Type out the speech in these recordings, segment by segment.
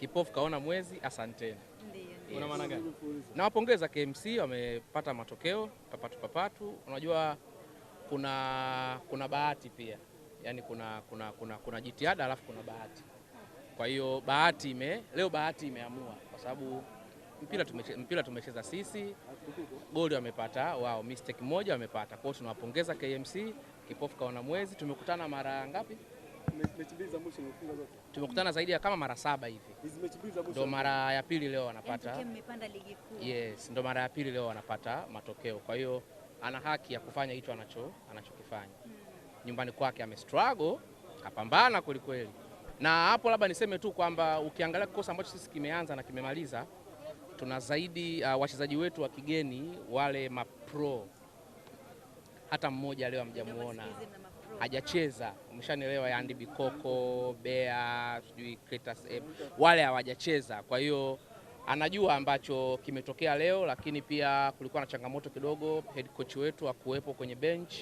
kipofu kaona mwezi, asanteni. Yes. Una maana gani? Nawapongeza KMC wamepata matokeo papatu papatu. Unajua kuna, kuna bahati pia yani kuna, kuna, kuna, kuna jitihada alafu kuna bahati. Kwa hiyo bahati ime leo bahati imeamua kwa sababu mpira tumecheza, mpira tumecheza sisi, goli wamepata wao, mistake moja wamepata. Kwa hiyo tunawapongeza KMC, kipofu kaona mwezi. Tumekutana mara ngapi? tumekutana zaidi ya kama mara saba hivi, ndo mara ya pili leo anapata yaani yes, ndo mara ya pili leo anapata matokeo. Kwa hiyo ana haki ya kufanya hicho anacho anachokifanya hmm. Nyumbani kwake struggle kapambana kwelikweli, na hapo labda niseme tu kwamba ukiangalia kikosi ambacho sisi kimeanza na kimemaliza, tuna zaidi uh, wachezaji wetu wa kigeni wale mapro, hata mmoja leo amjamuona hajacheza, umeshanielewa? Yandi Bikoko, Bea, sijui Cletus eh, wale hawajacheza, kwa hiyo anajua ambacho kimetokea leo, lakini pia kulikuwa na changamoto kidogo, head coach wetu hakuwepo kwenye bench.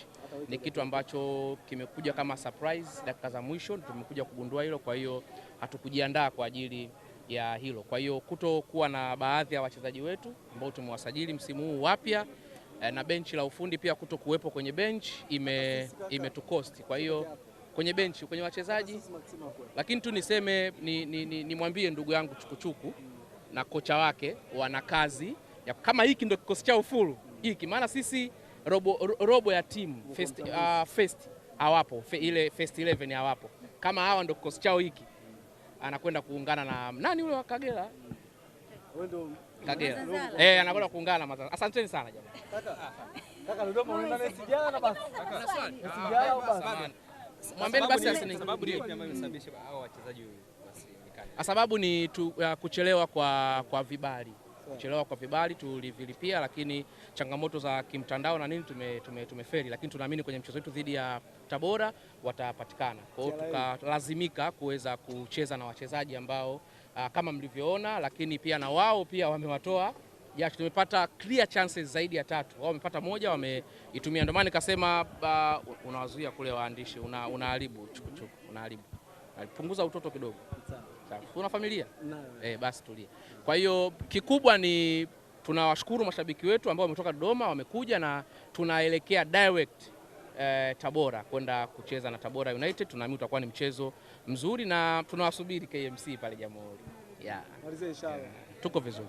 Ni kitu ambacho kimekuja kama surprise dakika za mwisho, tumekuja kugundua hilo. Kwa hiyo hatukujiandaa kwa ajili ya hilo. Kwa hiyo kutokuwa na baadhi ya wachezaji wetu ambao tumewasajili msimu huu wapya Eh, na benchi la ufundi pia kuto kuwepo kwenye benchi ime imetukosti. Kwa hiyo kwenye benchi kwenye wachezaji, lakini tu niseme nimwambie ni, ni, ni ndugu yangu Chukuchuku na kocha wake wana kazi ya kama hiki ndio kikosi chao fulu hiki, maana sisi robo, robo ya timu first, uh, first hawapo fe, ile first 11 hawapo. Kama hawa ndio kikosi chao hiki, anakwenda kuungana na nani ule wa Kagera Kagera. Eh, anakwenda kuungana Mazazala. Asanteni sana jamani. Kaka. Kaka Dodoma unaenda na sijara basi. Kaka. swali. Sijara basi. Mwambeni basi asini. Sababu ndio ambayo imesababisha hao wachezaji basi nikali. Ah, sababu ni tu, uh, kuchelewa kwa kwa vibali kuchelewa kwa vibali tulivilipia, lakini changamoto za kimtandao na nini tume, tume, tume, lakini tunaamini kwenye mchezo wetu dhidi ya Tabora watapatikana. Kwa hiyo tukalazimika kuweza kucheza na wachezaji ambao uh, kama mlivyoona, lakini pia na wao pia wamewatoa jasho. Tumepata clear chances zaidi ya tatu, wao wamepata moja, wameitumia. Ndio maana nikasema uh, unawazuia kule waandishi, unaharibu chuku chuku, unaharibu punguza utoto kidogo. Sawa, familia eh, basi tulia. Kwa hiyo kikubwa ni tunawashukuru mashabiki wetu ambao wametoka Dodoma, wamekuja na tunaelekea direct eh, Tabora kwenda kucheza na Tabora United. Tunaamini utakuwa ni mchezo mzuri na tunawasubiri KMC pale Jamhuri. Yeah. Tuko vizuri.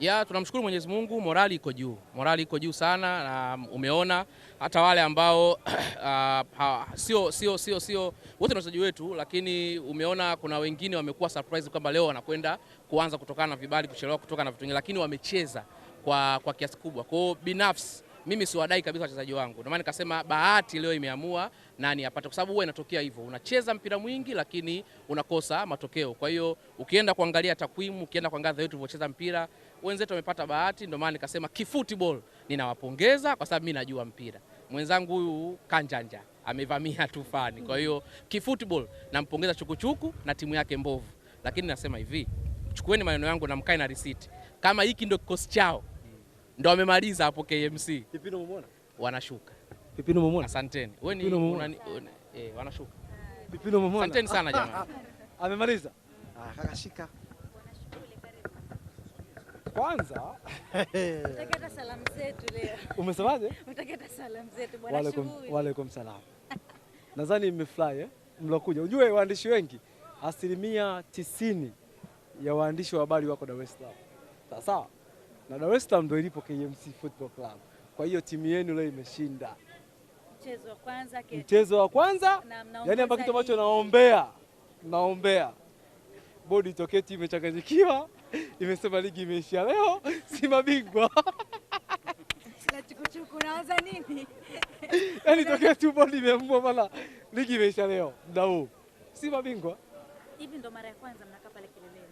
Ya, tunamshukuru Mwenyezi Mungu, morali iko juu, morali iko juu sana, na umeona hata wale ambao uh, sio sio sio sio wote ni wachezaji wetu, lakini umeona kuna wengine wamekuwa surprise kwamba leo wanakwenda kuanza kutokana na vibali kuchelewa kutoka na vitu vingine, lakini wamecheza kwa, kwa kiasi kubwa. Kwa hiyo binafsi mimi siwadai kabisa wachezaji wangu, ndio maana nikasema bahati leo imeamua nani apate, kwa sababu huwa inatokea hivyo, unacheza mpira mwingi lakini unakosa matokeo. Kwa hiyo ukienda kuangalia takwimu, ukienda kuangalia tulivyocheza mpira wenzetu wamepata bahati, ndio maana nikasema kifootball ninawapongeza kwa sababu mimi najua mpira. Mwenzangu huyu kanjanja amevamia tu fani, kwa hiyo kifootball nampongeza Chukuchuku na timu yake mbovu, lakini nasema hivi, chukueni maneno yangu na mkae na receipt. kama hiki ndio kikosi chao ndio wamemaliza hapo KMC. Pipino umeona? Wanashuka. Pipino umeona? Asanteni. Wewe ni unani eh, wanashuka. Pipino umeona? Asanteni sana jamani. Amemaliza. Ah, kakashika kwanza utakata salamu zetu leo. Umesemaje? Utakata salamu zetu bwana shughuli. Waalaikum salaam. Nadhani mmefurahi eh? Mlokuja. Unjue waandishi wengi asilimia tisini ya waandishi wa habari wako Dar es Salaam. Sasa Na Dar es Salaam ndio ilipo KMC Football Club. Kwa hiyo timu yenu leo imeshinda mchezo wa kwanza, mchezo wa kwanza. Yani hapa kitu ambacho naombea naombea bodi itokee timu imechanganyikiwa imesema ligi imeisha leo, si mabingwa yaani tokea tu bodi imeamua bana, ligi imeisha leo, muda huu si mabingwa. Hivi ndo mara ya kwanza mnakaa pale kileleni?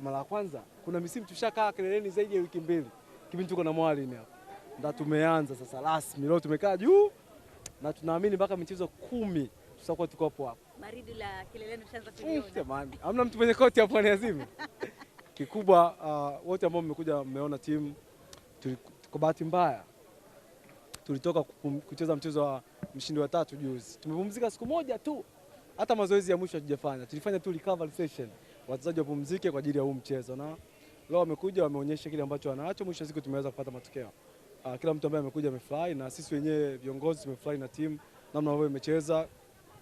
Mara ya kwanza, kuna misimu tushakaa kileleni zaidi ya wiki mbili, kipindi tuko na mwalimu hapa, nda tumeanza sasa rasmi leo, tumekaa juu na tunaamini mpaka michezo kumi tutakuwa tuko hapo hapo. Baridi la kileleni ushaanza kuliona jamani, hamna mtu mwenye koti hapo ni azimu Kikubwa uh, wote ambao mmekuja mmeona timu, kwa bahati mbaya tulitoka kucheza mchezo wa mshindi wa tatu juzi, tumepumzika siku moja tu, hata mazoezi ya mwisho hatujafanya, tulifanya tu recovery session, wachezaji wapumzike kwa ajili ya huu mchezo, na leo wamekuja wameonyesha kile ambacho wanacho, mwisho siku tumeweza kupata matokeo. Uh, kila mtu ambaye amekuja amefurahi, na sisi wenyewe viongozi tumefurahi na timu namna ambavyo imecheza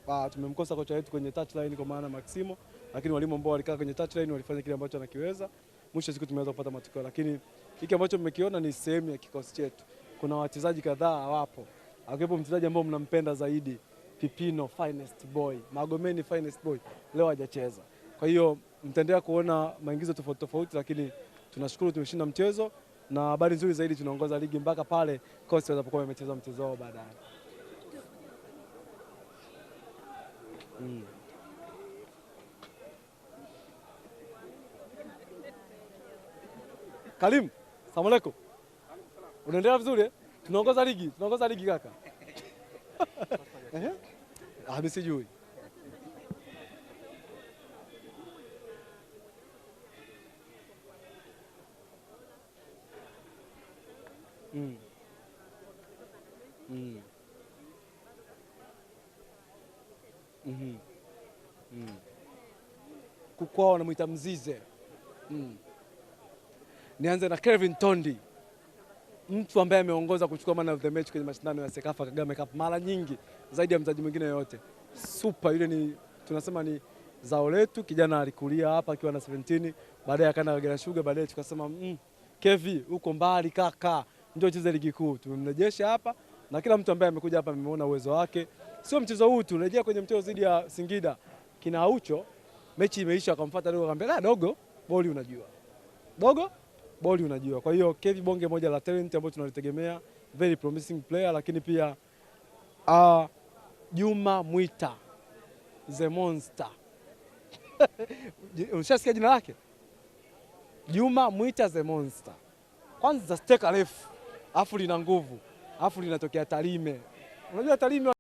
uh, tumemkosa kocha wetu kwenye touchline kwa maana Maximo, lakini walimu ambao walikaa kwenye touchline walifanya kile ambacho anakiweza. Mwisho siku tumeweza kupata matokeo, lakini hiki ambacho mmekiona ni sehemu ya kikosi chetu. Kuna wachezaji kadhaa hawapo, akiwepo mchezaji ambao mnampenda zaidi Pipino finest boy, Magomeni finest boy leo hajacheza. Kwa hiyo mtaendelea kuona maingizo tofauti tofauti, lakini tunashukuru tumeshinda mchezo, na habari nzuri zaidi tunaongoza ligi mpaka pale kosi watakapokuwa wamecheza mchezo wao baadaye. Kalim, mm. Karim, salamu aleikum. Unaendelea vizuri? Eh? Tunaongoza ligi, tunaongoza ligi kaka. Eh? Ah, sijui. Mm. Mm. mm -hmm. mm. kukwao wanamwita Mzize mm. Nianze na Kelvin Tondi, mtu ambaye ameongoza kuchukua man of the match kwenye mashindano ya Sekafa Kagame Cup mara nyingi zaidi ya mchezaji mwingine yoyote. Super yule, ni tunasema ni zao letu. Kijana alikulia hapa akiwa na 17, baadaye akaenda Kagera Sugar, baadaye tukasema mm, Kevi uko mbali kaka, ndio cheze ligi kuu. Tumemrejesha hapa na kila mtu ambaye amekuja hapa ameona uwezo wake sio mchezo huu tu, rejea kwenye mchezo dhidi ya Singida kina Aucho, mechi imeisha, akamfuata dogo, akamwambia ah, dogo, boli unajua, dogo boli unajua. Kwa hiyo Kevi Bonge moja la talent ambayo tunalitegemea, very promising player, lakini pia uh, Juma Mwita the monster Ushasikia jina lake Juma Mwita the monster. Kwanza steka refu, afu lina nguvu, afu linatokea Tarime. Unajua Tarime